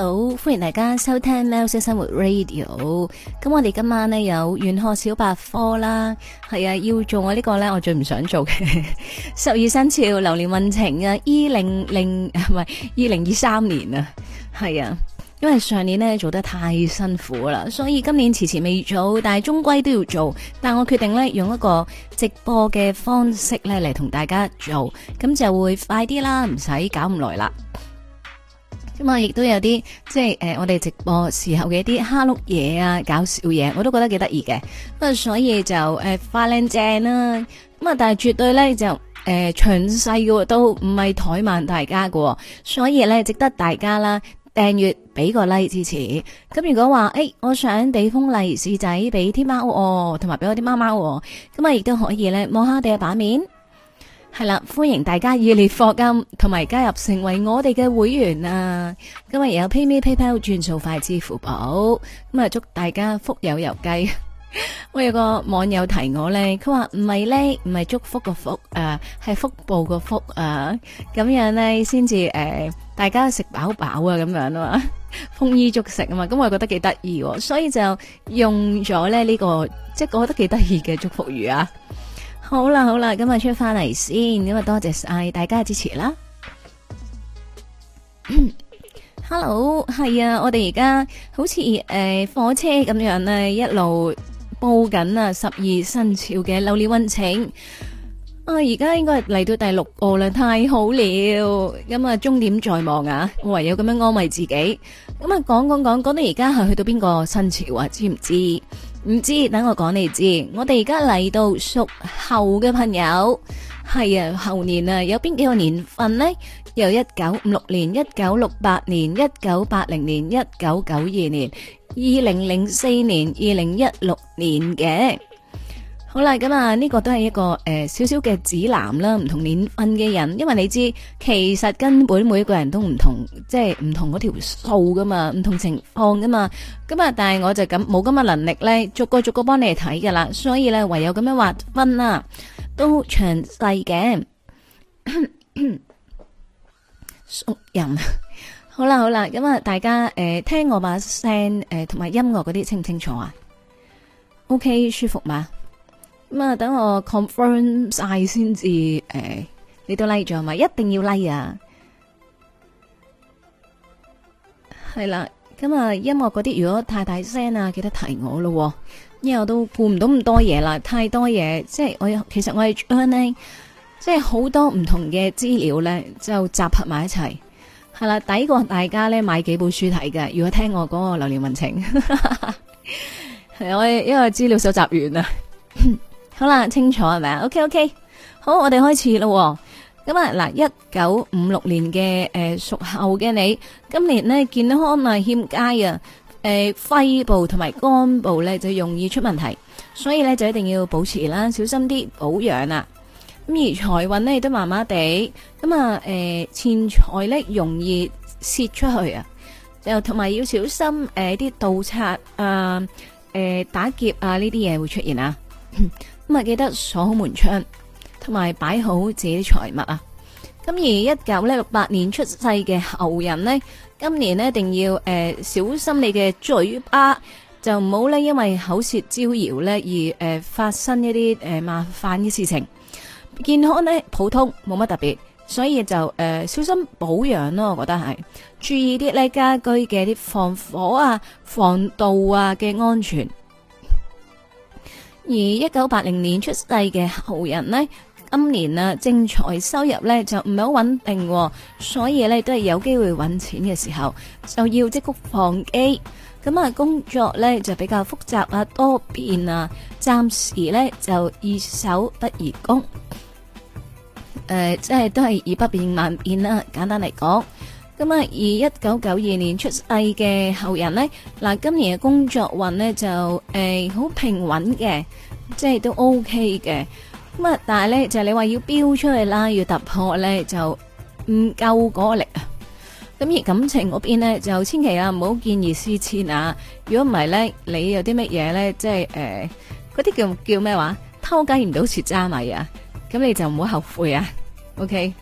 好，歡迎大家收聽《喵式生活 Radio》。咁我哋今晚呢有《玄學小百科》啦，係啊，要做我呢個呢，我最唔想做嘅十二生肖流年運程啊，二零零唔係二零二三年啊，係啊，因為上年呢做得太辛苦啦，所以今年遲遲未做，但係終歸都要做。但我決定呢用一個直播嘅方式呢嚟同大家做，咁就會快啲啦，唔使搞唔來啦。咁啊，亦都有啲即係誒、呃，我哋直播時候嘅一啲蝦碌嘢啊，搞笑嘢，我都覺得幾得意嘅。咁啊，所以就誒發靚正啦。咁啊，但係絕對咧就誒詳細嘅都唔係怠慢大家喎。所以咧，值得大家啦訂閱，俾個 like 支持。咁如果話誒、欸，我想俾封利是仔俾天喵喎，同埋俾我啲貓貓，咁啊，亦都可以咧摸下哋嘅版面。係啦，歡迎大家熱烈課金同埋加入成為我哋嘅會員啊！今日有 PayMe、PayPal、轉數快、支付寶，咁啊祝大家福有攸歸。我有個網友提我咧，佢話唔係咧，唔係祝福個福啊，係腹部個腹啊，咁樣咧先至誒，大家食飽飽啊，咁樣啊嘛，豐衣足食啊嘛，咁我又覺得幾得意，所以就用咗咧呢個，即係我覺得幾得意嘅祝福語啊！好啦好啦，咁啊出翻嚟先，咁啊多謝晒大家嘅支持啦。嗯、Hello，係啊，我哋而家好似誒、呃、火車咁樣咧、啊，一路煲緊啊十二生肖嘅流年運程。我而家應該嚟到第六個啦，太好了。咁啊，終點在望啊，我唯有咁樣安慰自己。咁啊，講講講講到而家係去到邊個生肖啊，知唔知？唔知，等我講你知。我哋而家嚟到屬猴嘅朋友，係啊，猴年啊，有邊幾個年份呢？有一九五六年、一九六八年、一九八零年、一九九二年、二零零四年、二零一六年嘅。好啦，咁啊，呢個都係一個誒，少少嘅指南啦。唔同年份嘅人，因為你知其實根本每一個人都唔同，即係唔同嗰條數噶嘛，唔同情況噶嘛。咁啊，但係我就咁冇咁嘅能力咧，逐個逐個幫你睇噶啦。所以咧，唯有咁樣劃分啦、啊，都詳細嘅熟人。好啦，好啦，咁啊，大家誒、呃、聽我把聲誒同埋音樂嗰啲清唔清楚啊？OK，舒服嘛？咁啊，等我 confirm 晒先至誒，你都 like 咗係咪？一定要 like 啊！係啦，咁啊，音樂嗰啲如果太大聲啊，記得提我咯，因為我都顧唔到咁多嘢啦，太多嘢，即係我其實我係 training 即係好多唔同嘅資料咧，就集合埋一齊，係啦，抵過大家咧買幾本書睇嘅。如果聽我我嗰個流年運程，我因為資料搜集完啦。 好啦，清楚係咪啊？OK，OK，好，我哋開始咯。咁啊，嗱，一九五六年嘅誒，屬、呃、猴嘅你，今年呢健康啊欠佳啊，誒、呃，肺部同埋肝部呢就容易出問題，所以呢就一定要保持啦，小心啲保養啦。咁而財運呢亦都麻麻地咁啊，誒、呃，錢財呢容易泄出去啊，就同埋要小心誒，啲盜賊啊，誒、呃呃，打劫啊呢啲嘢會出現啊。 今日記得鎖好門窗，同埋擺好自己啲財物啊！咁而一九咧六八年出世嘅猴人呢，今年呢一定要誒、呃、小心你嘅嘴巴，就唔好呢因為口舌招搖而誒發生一啲誒麻煩嘅事情。健康呢普通，冇乜特別，所以就誒、呃、小心保養咯。我覺得係注意啲咧家居嘅啲防火啊、防盜啊嘅安全。而一九八零年出世嘅猴人呢，今年啊，正財收入呢就唔係好穩定，所以呢，都係有機會揾錢嘅時候，就要積穀防饑。咁、嗯、啊，工作呢，就比較複雜啊，多變啊，暫時呢，就易守不宜攻。誒、呃，即係都係以不變萬變啦，簡單嚟講。咁啊，而一九九二年出世嘅猴人呢，嗱，今年嘅工作運呢，就誒好、欸、平穩嘅，即係都 OK 嘅。咁啊，但係呢，就是、你話要飆出去啦，要突破呢，就唔夠嗰力。咁而感情嗰邊呢，就千祈啊，唔好見異思遷啊。如果唔係呢，你有啲乜嘢呢？即係誒嗰啲叫叫咩話，偷雞唔到蝕揸米啊。咁你就唔好後悔啊。OK。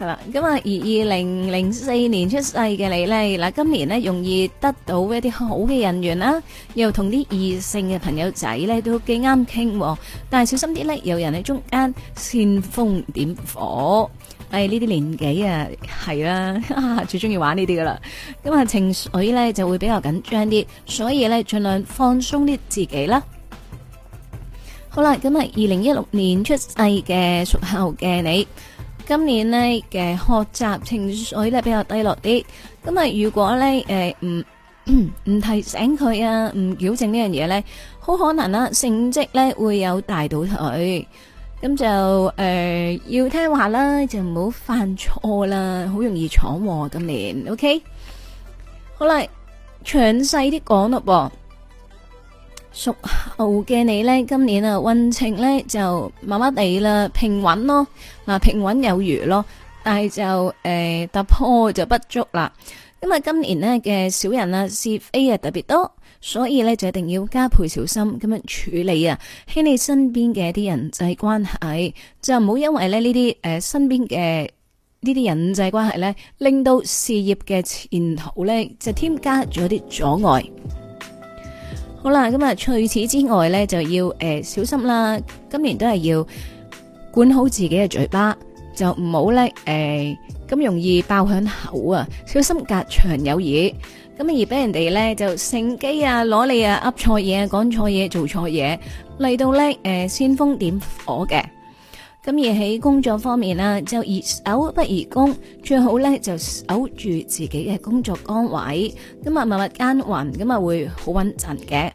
係啦，咁啊，而二零零四年出世嘅你咧，嗱，今年咧容易得到一啲好嘅人緣啦，又同啲異性嘅朋友仔咧都幾啱傾，但係小心啲咧，有人喺中間煽風點火，誒，呢啲年紀啊，係啦，最中意玩呢啲噶啦，咁啊，情緒咧就會比較緊張啲，所以咧盡量放鬆啲自己啦。好啦，咁啊，二零一六年出世嘅屬猴嘅你。今年呢，誒，學習情緒呢比較低落啲。咁啊，如果呢，誒，唔唔提醒佢啊，唔矯正呢樣嘢呢，好可能啊，成績呢會有大倒退。咁就誒，要聽話啦，就唔好犯錯啦，好容易闖禍。今年，OK，好啦，詳細啲講嘞噃。屬猴嘅你呢，今年啊運程呢就麻麻地啦，平穩咯，嗱平穩有餘咯，但係就誒突破就不足啦。因為今年呢嘅小人啊是非啊特別多，所以呢就一定要加倍小心咁樣處理啊，喺你身邊嘅啲人際關係就唔好因為呢呢啲誒身邊嘅呢啲人際關係呢，令到事業嘅前途呢就添加咗啲阻礙。好啦，咁啊，除此之外咧，就要誒、呃、小心啦。今年都係要管好自己嘅嘴巴，就唔好叻，誒、呃、咁容易爆響口啊！小心隔牆有耳，咁而俾人哋咧就乘機啊攞你啊噏錯嘢啊、講錯嘢、做錯嘢嚟到叻，誒煽風點火嘅。咁而喺工作方面啦，就宜守不宜攻，最好咧就守住自己嘅工作崗位，咁啊默默耕耘，咁啊會好穩陣嘅。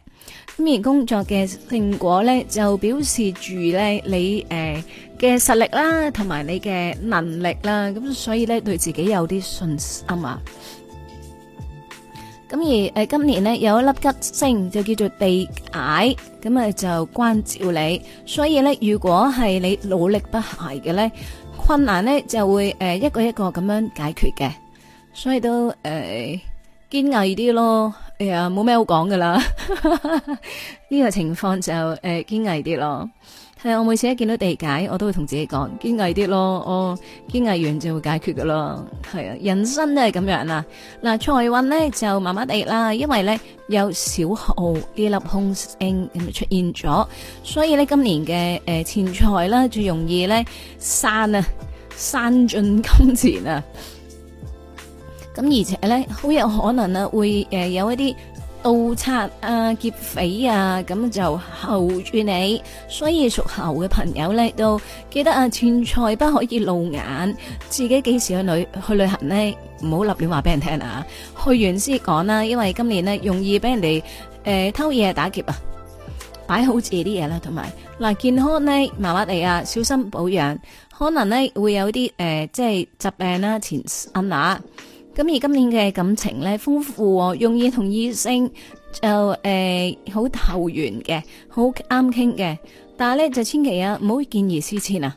咁而工作嘅成果咧，就表示住咧你誒嘅實力啦，同埋你嘅能力啦，咁所以咧對自己有啲信心啊。咁而誒，今年咧有一粒吉星就叫做地解，咁啊就關照你。所以咧，如果係你努力不懈嘅咧，困難咧就會誒一個一個咁樣解決嘅。所以都誒堅毅啲咯，誒呀冇咩好講噶啦，呢個情況就誒堅毅啲咯。係啊，我每次一見到地解，我都會同自己講堅毅啲咯，我堅毅完就會解決噶咯。係啊，人生都係咁樣啦。嗱財運咧就麻麻地啦，因為咧有小號呢粒空星咁出現咗，所以咧今年嘅、誒錢財啦最容易咧散啊，散盡金錢啊。咁而且咧好有可能啊會誒、呃、有一啲。.盜賊啊、劫匪啊，咁就猴住你，所以屬猴嘅朋友咧，都記得啊，錢財不可以露眼，自己幾時去旅去旅行呢？唔好立亂話俾人聽啊，去完先講啦，因為今年呢，容易俾人哋誒、呃、偷嘢打劫啊，擺好自己啲嘢啦，同埋嗱健康呢，麻麻地啊，小心保養，可能呢，會有啲誒、呃、即係疾病啦、啊，纏身啊。咁而今年嘅感情咧豐富、哦，容易同異性就誒好、呃、投緣嘅，好啱傾嘅。但係咧就千祈啊，唔好見異思遷啊，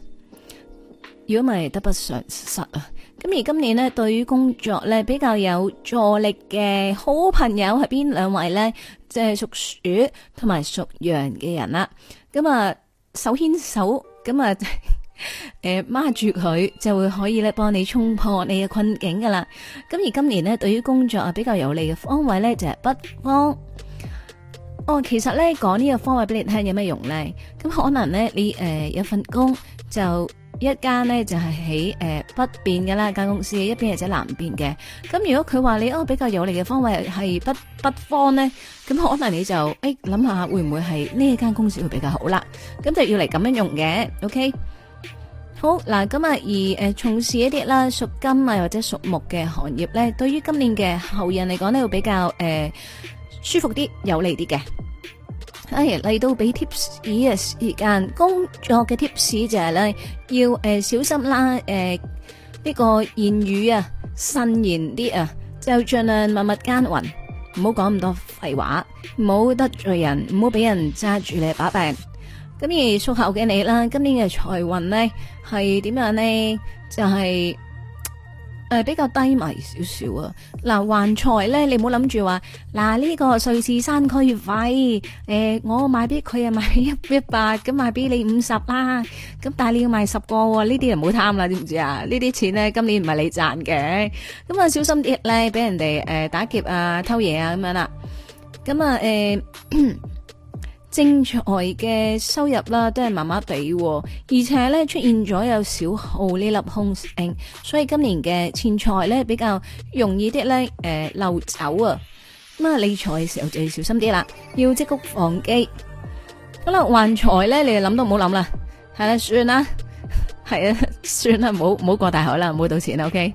如果咪得不償失啊。咁而今年呢，對於工作咧比較有助力嘅好朋友係邊兩位呢？即係屬鼠同埋屬羊嘅人啦。咁啊，手、啊、牽手咁啊。 誒、呃，住佢就會可以咧，幫你衝破你嘅困境噶啦。咁而今年呢，對於工作啊，比較有利嘅方位呢，就係、是、北方。哦，其實呢，講呢個方位俾你聽有咩用呢？咁可能呢，你誒、呃、有份工就一間呢，就係喺誒北邊㗎啦，間公司一邊或者南邊嘅。咁如果佢話你哦比較有利嘅方位係北北方呢，咁可能你就誒諗、哎、下會唔會係呢一間公司會比較好啦？咁就要嚟咁樣用嘅，OK。好嗱，咁啊而誒從事一啲啦屬金啊或者屬木嘅行業咧，對於今年嘅猴人嚟講咧，會比較誒舒服啲有利啲嘅。啊，嚟到俾 tips 嘅時間，工作嘅 tips 就係咧，要誒小心啦誒呢個言語啊慎言啲啊，就儘量默默耕耘，唔好講咁多廢話，唔好得罪人，唔好俾人揸住你把柄。咁而屬猴嘅你啦，今年嘅財運咧係點樣呢？就係、是、誒、呃、比較低迷少少啊！嗱、呃，還財咧，你唔好諗住話，嗱呢個瑞士山區費誒，我賣俾佢啊，賣一一百，咁賣俾你五十啦。咁但係你要賣十個、哦，呢啲人唔好貪啦，知唔知啊？呢啲錢咧，今年唔係你賺嘅。咁、呃、啊，小心啲咧，俾人哋誒打劫啊、偷嘢啊咁樣啦。咁啊，誒。呃正財嘅收入啦，都係麻麻地，而且咧出現咗有小耗呢粒空星，所以今年嘅錢財咧比較容易啲咧，誒漏走啊！咁啊理財嘅時候就要小心啲啦，要積穀防饑。好啦，橫財咧，你就諗都唔好諗啦，係啦，算啦，係啊。算啦，唔好唔好過大海啦，唔好賭錢啦，OK。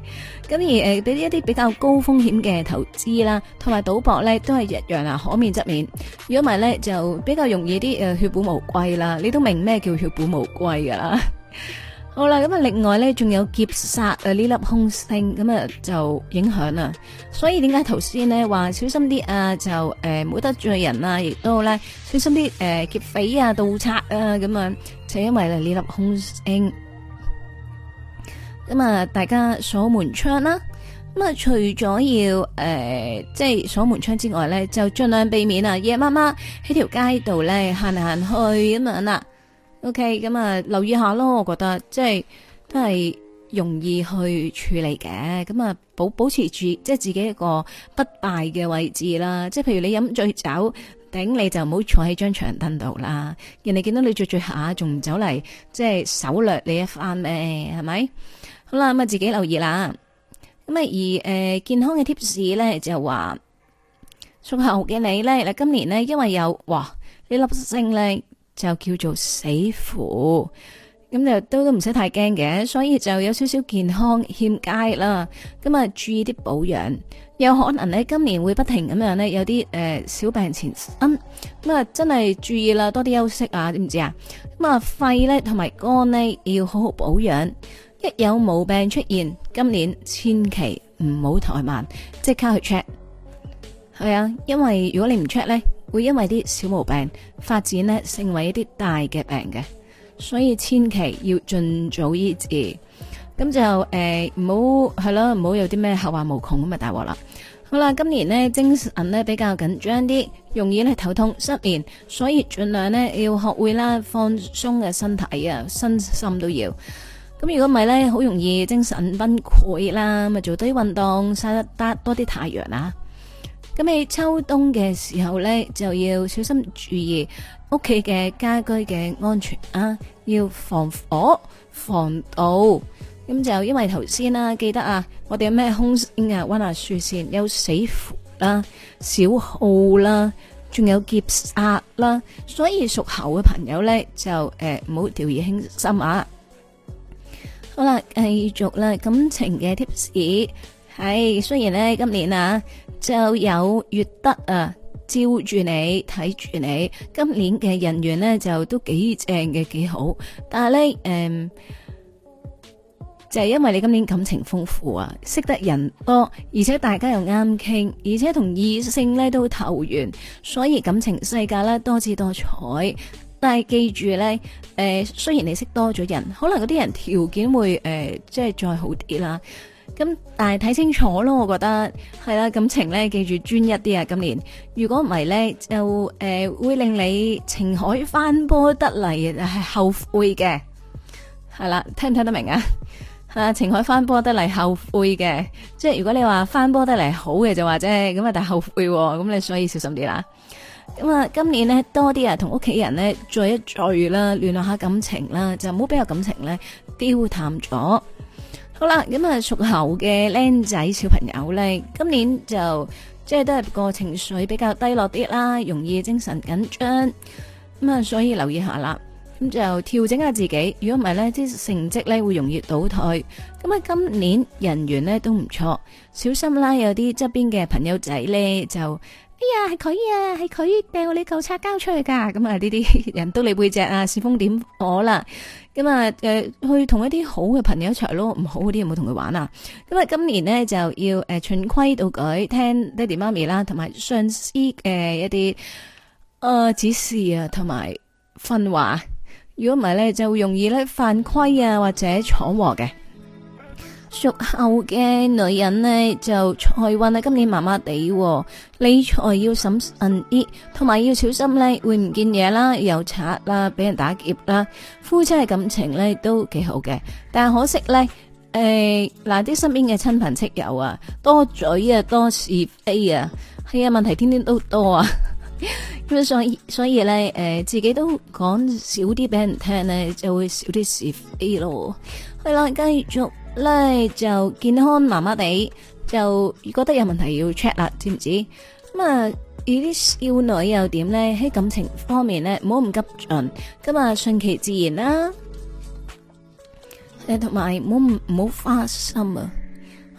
咁而誒，俾呢一啲比較高風險嘅投資啦，同埋賭博咧，都係一樣啊，可免則免。如果唔係咧，就比較容易啲誒、呃，血本無歸啦。你都明咩叫血本無歸噶啦？ 好啦，咁、呃、啊，另外咧，仲有劫殺誒呢粒空星，咁、呃、啊就影響啦。所以點解頭先呢話小心啲啊？就誒，冇、呃、得罪人啊，亦都咧小心啲誒、呃、劫匪啊、盜賊啊咁樣就因為呢粒空星。咁啊！大家鎖門窗啦。咁啊，除咗要誒、呃，即係鎖門窗之外咧，就盡量避免啊，夜媽媽喺條街度咧行行去咁樣啦。OK，咁啊，留意下咯。我覺得即係都係容易去處理嘅。咁啊，保保持住即係自己一個不敗嘅位置啦。即係譬如你飲醉酒，頂你就唔好坐喺張長凳度啦。人哋見到你着醉下，仲走嚟即係手掠你一番咩？係咪？咁啦，咁啊，自己留意啦。咁啊，而、呃、誒，健康嘅 tips 咧就話，屬猴嘅你咧，嗱，今年咧因為有哇呢粒星咧就叫做死符。咁就都都唔使太驚嘅，所以就有少少健康欠佳啦。咁啊，注意啲保養，有可能咧今年會不停咁樣咧有啲誒、呃、小病纏身，咁、嗯、啊真係注意啦，多啲休息啊，知唔知啊？咁啊，肺咧同埋肝呢，要好好保養。一有毛病出現，今年千祈唔好怠慢，即刻去 check。係啊，因為如果你唔 check 呢，會因為啲小毛病發展呢成為一啲大嘅病嘅，所以千祈要盡早醫治。咁就誒，唔好係咯，唔好、啊、有啲咩後患無窮咁啊，大鑊啦。好啦，今年呢精神呢比較緊張啲，容易呢頭痛失眠，所以盡量呢，要學會啦放鬆嘅身體啊，身心都要。咁如果唔係咧，好容易精神崩潰啦。咪做多啲運動，曬得多啲太陽啊！咁你秋冬嘅時候咧，就要小心注意屋企嘅家居嘅安全啊，要防火、防盜。咁就因為頭先啦，記得啊，我哋有咩空心啊、溫下樹線有死符啦、小耗啦，仲有劫煞啦，所以屬猴嘅朋友咧，就誒唔好掉以輕心啊！好啦，繼續啦，感情嘅 tips，係雖然咧今年啊，就有月德啊照住你睇住你，今年嘅人緣呢，就都幾正嘅幾好，但係呢，誒、嗯，就係、是、因為你今年感情豐富啊，識得人多，而且大家又啱傾，而且同異性呢都投緣，所以感情世界呢，多姿多彩。但係記住咧，誒、呃，雖然你識多咗人，可能嗰啲人條件會誒、呃，即係再好啲啦。咁但係睇清楚咯，我覺得係啦。感情咧，記住專一啲啊。今年如果唔係咧，就誒、呃，會令你情海翻波得嚟係後悔嘅。係啦，聽唔聽得明啊？啊，情海翻波得嚟後悔嘅，即係如果你話翻波得嚟好嘅就話啫，咁啊但係後悔，咁你所以小心啲啦。咁啊，今年咧多啲啊，同屋企人咧聚一聚啦，聯絡下感情啦，就唔好俾個感情咧丟淡咗。好啦，咁啊，屬猴嘅僆仔小朋友呢，今年就即係都係個情緒比較低落啲啦，容易精神緊張。咁啊，所以留意下啦，咁就調整下自己。如果唔係呢，啲成績咧會容易倒退。咁啊，今年人緣咧都唔錯，小心啦，有啲側邊嘅朋友仔呢，就。哎呀，係佢啊，係佢掟我呢舊擦膠出去噶。咁啊，呢啲人篤你背脊啊，煽風點火啦。咁、嗯、啊，誒、呃，去同一啲好嘅朋友一齊咯。唔好嗰啲有冇同佢玩啊？咁、嗯、啊，今年呢，就要誒循規蹈矩，聽爹哋媽咪啦，同埋上司誒一啲誒、呃、指示啊，同埋訓話。如果唔係咧，就容易咧犯規啊，或者闖禍嘅。屬猴嘅女人呢，就財運啊，今年麻麻地，理財要審慎啲，同埋要小心呢，會唔見嘢啦，有賊啦，俾人打劫啦。夫妻嘅感情呢都幾好嘅，但係可惜呢，誒嗱啲身邊嘅親朋戚友啊，多嘴啊，多是非啊，係啊，問題天天都多啊。咁所以所以呢，誒自己都講少啲俾人聽呢，就會少啲是非咯。係啦，繼續。咧，就健康麻麻地，就覺得有問題要 check 啦，知唔知？咁啊，有啲少女又點咧？喺感情方面咧，唔好唔急進，咁啊順其自然啦。誒，同埋唔好唔好花心啊！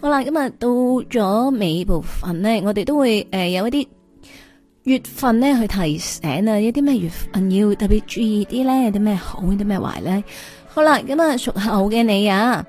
好啦，咁啊到咗尾部分咧，我哋都會誒有一啲月份咧去提醒啊，有啲咩月份要特別注意啲咧，有啲咩好，有啲咩壞咧？好啦，咁啊屬猴嘅你啊！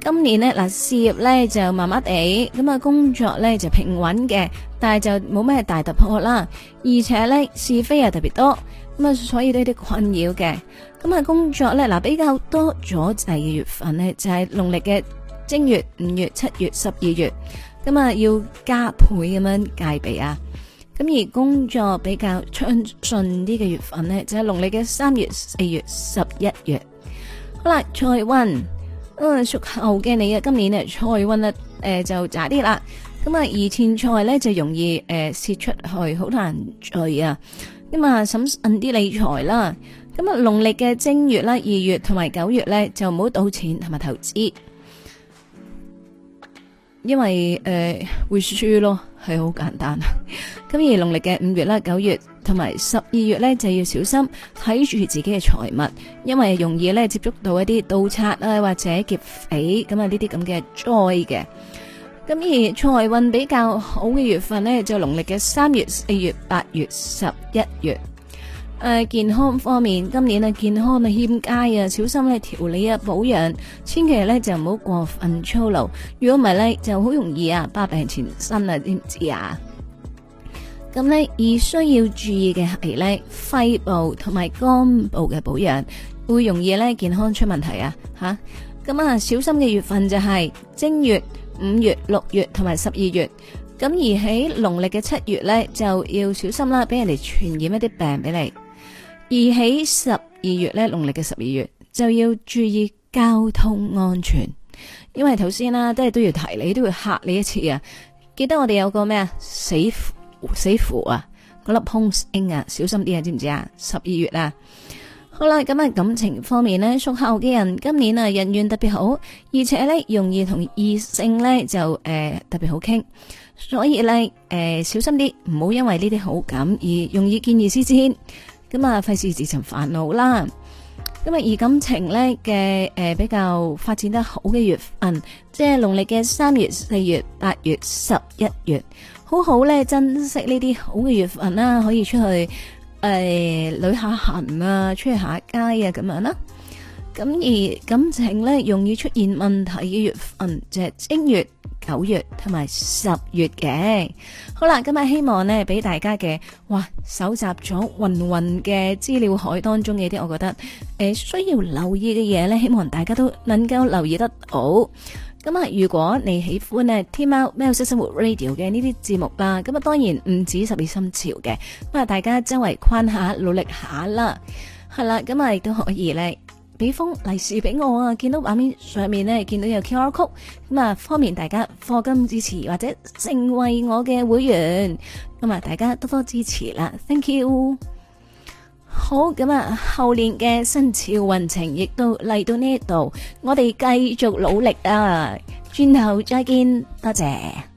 今年呢，嗱，事業咧就麻麻地，咁啊，工作咧就平穩嘅，但係就冇咩大突破啦。而且咧是非又特別多，咁啊，所以都有啲困擾嘅。咁啊，工作咧，嗱，比較多阻滯嘅月份呢，就係農曆嘅正月、五月、七月、十二月。咁啊，要加倍咁樣戒備啊。咁而工作比較暢順啲嘅月份呢，就係農曆嘅三月、四月、十一月。好啦，財運。啊、嗯，屬猴嘅你啊，今年呢財運呢誒就渣啲啦。咁啊，啲錢財呢，就容易誒洩、呃、出去，好難去啊。咁啊，審慎啲理財啦。咁啊，農曆嘅正月啦、二月同埋九月呢，就唔好賭錢同埋投資，因為誒、呃、會輸咯，係好簡單啊。咁 而農曆嘅五月啦、九月。同埋十二月咧，就要小心睇住自己嘅財物，因為容易咧接觸到一啲盜賊啊或者劫匪，咁啊呢啲咁嘅災嘅。咁而財運比較好嘅月份呢，就農曆嘅三月、四月、八月、十一月。誒、呃，健康方面，今年啊健康啊欠佳啊，小心咧、啊、調理啊保養，千祈咧就唔好過分操勞，如果唔係咧就好容易啊百病纏身啊，知唔知啊？咁咧，而需要注意嘅係咧，肺部同埋肝部嘅保養會容易咧健康出問題啊！吓，咁啊，小心嘅月份就係正月、五月、六月同埋十二月。咁而喺農曆嘅七月咧，就要小心啦，俾人哋傳染一啲病俾你。而喺十二月咧，農曆嘅十二月就要注意交通安全，因為頭先啦，都係都要提你，都要吓你一次啊！記得我哋有個咩啊，死。死符啊！嗰粒凶星啊，小心啲啊，知唔知啊？十二月啊，好啦，咁啊感情方面咧，屬猴嘅人今年啊人緣特別好，而且咧容易同異性咧就誒特別好傾，所以咧誒小心啲，唔好因為呢啲好感而容易見異思遷，咁啊費事自尋煩惱啦。咁啊而感情咧嘅誒比較發展得好嘅月份，即係農曆嘅三月、四月、八月、十一月。好好咧，珍惜呢啲好嘅月份啦，可以出去誒、呃、旅下行啊，出去下街啊，咁樣啦。咁而感情咧容易出現問題嘅月份就係、是、正月、九月同埋十月嘅。好啦，今日希望呢，俾大家嘅，哇，搜集咗芸芸嘅資料海當中嘅啲，我覺得誒需要留意嘅嘢咧，希望大家都能夠留意得到。咁啊，如果你喜歡咧天貓喵式生活 radio 嘅呢啲節目啦，咁啊當然唔止十二生肖嘅，咁啊大家周圍框下，努力下啦，係啦，咁啊亦都可以咧俾封利是俾我啊！見到畫面上面咧見到有 QR Code，咁啊方便大家課金支持或者成為我嘅會員，咁啊大家多多支持啦，Thank you。好，咁啊，猴年嘅生肖運程亦都嚟到呢一度，我哋繼續努力啊！轉頭再見，多謝。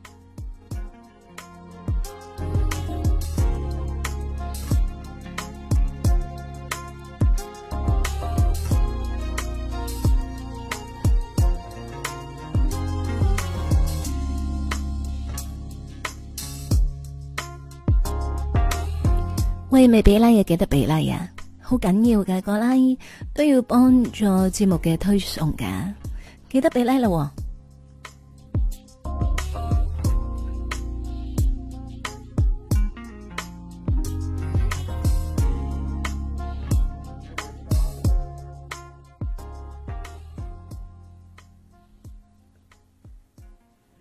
喂，未俾拉嘢記得俾拉啊，好緊要噶，個拉都要幫助節目嘅推送噶，記得俾拉啦。